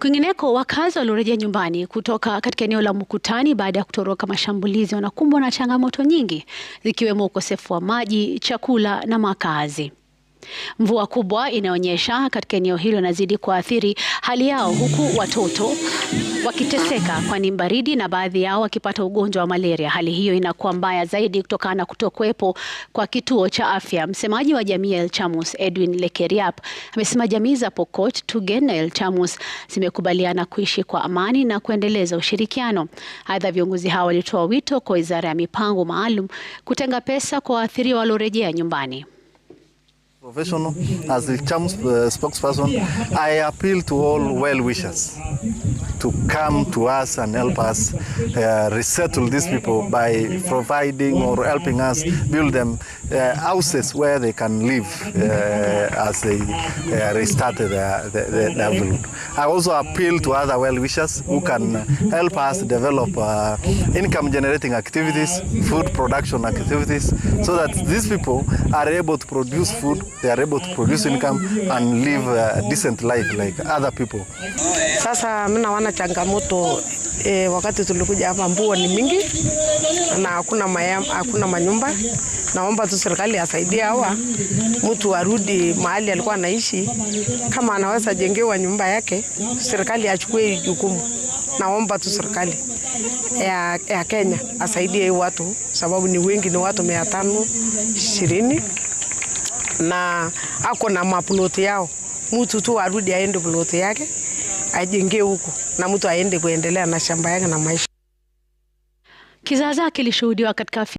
Kwingineko, wakazi waliorejea nyumbani kutoka katika eneo la mkutani baada ya kutoroka mashambulizi wanakumbwa na changamoto nyingi zikiwemo ukosefu wa maji, chakula na makazi. Mvua kubwa inaonyesha katika eneo hilo inazidi kuathiri hali yao, huku watoto wakiteseka, kwani baridi na baadhi yao wakipata ugonjwa wa malaria. Hali hiyo inakuwa mbaya zaidi kutokana na kutokuwepo kwa kituo cha afya. Msemaji wa jamii ya Elchamus Edwin Lekeriap amesema jamii za Pokot, Tugen na Elchamus zimekubaliana kuishi kwa amani na kuendeleza ushirikiano. Aidha, viongozi hao walitoa wito kwa wizara ya mipango maalum kutenga pesa kwa waathiriwa waliorejea nyumbani. Professional, as the charm uh, spokesperson, I appeal to all well wishers to come to us and help us uh, resettle these people by providing or helping us build them uh, houses where they can live uh, as they uh, restart their, livelihood. I also appeal to other well wishers who can help us develop uh, income generating activities, food production activities, so that these people are able to produce food they are able to produce income and live a decent life like other people. Sasa mimi naona changamoto eh, wakati tulikuja hapa mbuo ni mingi na hakuna mayam, hakuna manyumba. Naomba tu serikali asaidie hawa mtu arudi mahali alikuwa anaishi, kama anaweza jengewa nyumba yake, serikali achukue jukumu. Naomba tu serikali ya, ya Kenya asaidie watu, sababu ni wengi, ni watu mia tano ishirini na ako na maploti yao, mtu tu arudi aende ploti yake ajenge huko na mtu aende kuendelea na shamba yake na maisha. Kizaazaa kilishuhudiwa katika